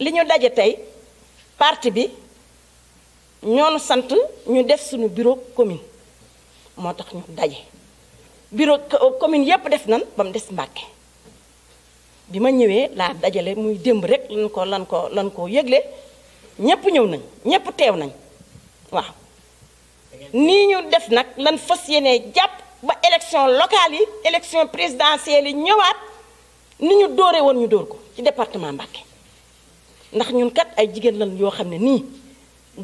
li ñu daje tey parti bi ñoonu sant ñu def suñu bureau commune moo tax ñu daje bureau commune yépp def nan ba mu des Mbàkke bi ma ñëwee laa dajale muy démb rek lan ko lan ko lan ko yëgle ñépp ñëw nañ ñépp teew nañ waaw nii ñu def nag lan fas yéene jàpp ba élection locale yi élection présidentielle yi ñëwaat ni ñu dóore woon ñu dóor ko ci département Mbàkke ndax ñun kat ay jigéen lan yoo xam ne nii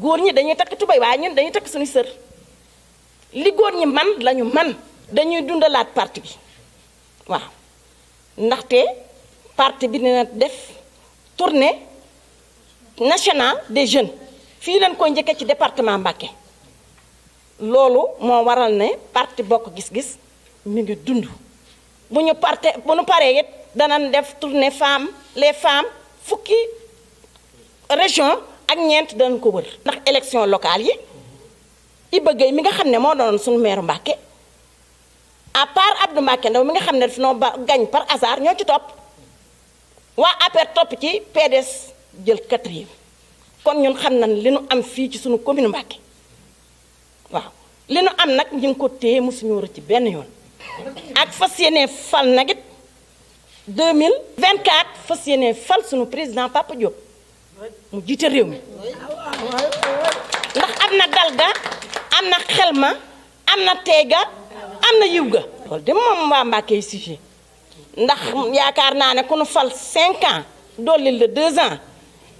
góor ñi dañuy takk tubay waaye ñun dañuy takk suñu sër li góor ñi man lañu man dañuy dundalaat parti bi waaw ndaxte parti bi dina def tournée nationale des jeunes fii leen koy njëkkee ci département Mbacké loolu moo waral ne parti bokk gis-gis mi ngi dund bu ñu parte bu ñu paree it danañ def tournée femme les femmes fukki région ak ñeent dañ ko wër ndax élection locale yi Iba Gueye mi nga xam ne moo doonoon suñu maire Mbàkke à part Abdou Mbàkke Ndaw mi nga xam ne daf noo ba gañ par hasard ñoo ci topp waa APR topp ci PDS jël yi kon ñun xam na li nu am fii ci suñu commune Mbàkke waaw li nu am nag ñu ngi ko téye mosuñu rëcc ci benn yoon ak fas yéene fal nag it 2024 fas yéene fal suñu président Papa Diop mu jiite réew mi ndax am na dal ga am na xel ma am na teega am na yiw ga loolu de moom waa Mbàkke si ndax yaakaar naa ne ku nu fal 5 ans dollil la 2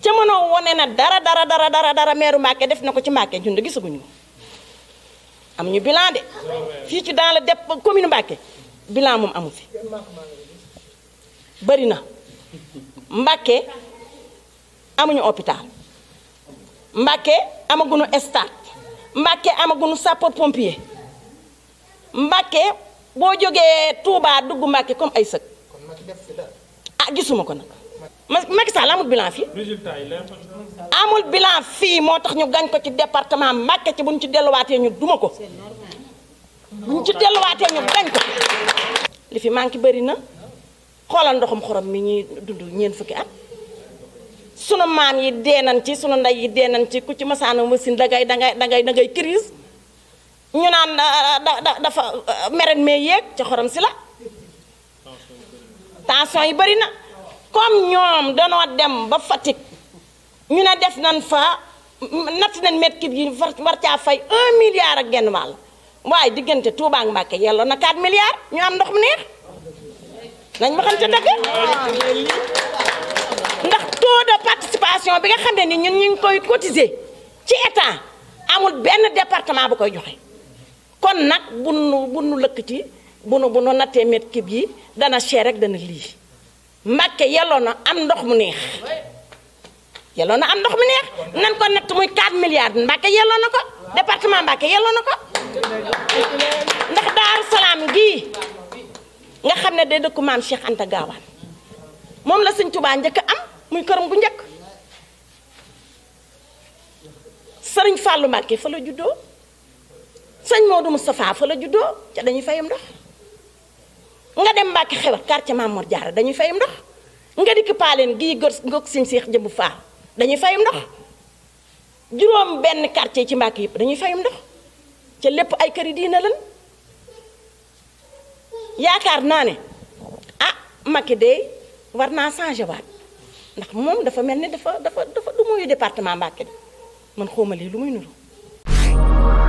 ca mënoo wone na dara dara dara dara dara meeru Mbàkke def na ko ci Mbàkke ñun de gisaguñu am ñu bilan de fii ci daal le dep commune Mbàkke bilan moom amu fi bëri na Mbàkke amuñu hôpital Mbàkke amaguñu stade Mbàkke amaguñu sapeur pompier Mbàkke boo jógee Touba dugg Mbàkke comme ay sëg ah gisuma ko nag Macky Sall amul bilan fii amul bilan fii moo tax ñu gañ ko ci departement Mbàkke ci bu ñu ci delluwaatee ñu duma ko bu ñu ci delluwaatee ñu gañ ko li fi manqué bëri na xoolal ndoxum xorom mi ñuy dund ñeent fukki at sunu maam yi dee nañ ci sunu ndey yi dee nañ ci ku ci masaana masin dangay dangay dangay dangay crise ñu naan ah, ah, da dafa ah, meret mee yéeg ca xorom si la tension yi bëri na comme ñoom danoo dem ba Fatick ñu ne def nan fa natt nañ mètre cube yi war caa fay un milliard ak genn wàll waaye diggante Touba ak yàlla na 4 milliards ñu am ndox mu neex nañ ma xam ca dëgg cotisation bi nga xam ne ni ñun ñu koy cotiser ci état amul benn département bu koy joxe kon nag bu nu bu nu lëkk ci bu nu bu nu nattee mètre cube yi dana cher rek dana lii Mbàkke yelloo na am ndox mu neex yelloo na am mu neex nan ko natt muy 4 milliards Mbàkke yelloo na ko département Mbàkke yelloo na ko ndax Daaru Salaam gii nga xam ne day dëkku maam Cheikh Anta Gaawaan moom la sëñ Tubaa njëkk am muy këram bu njëkk sëriñ Fallou Mbacké fa la juddoo sëñ Modou Moustapha fa la juddoo ca dañuy fayam ndox nga dem Mbacké xewat quartier Mamor Diarra dañuy fayam ndox nga dikk Paaleen gii gor ngok sim seex jëmbu dañuy fayam ndox benn quartier ci Mbacké yëpp dañuy fayam ndox ca lépp ay këri diina lan yaakaar naa ne ah Macky de war naa changé waat ndax moom dafa mel ni dafa dafa dafa du muyu département Mbacké de man xawma lii lu muy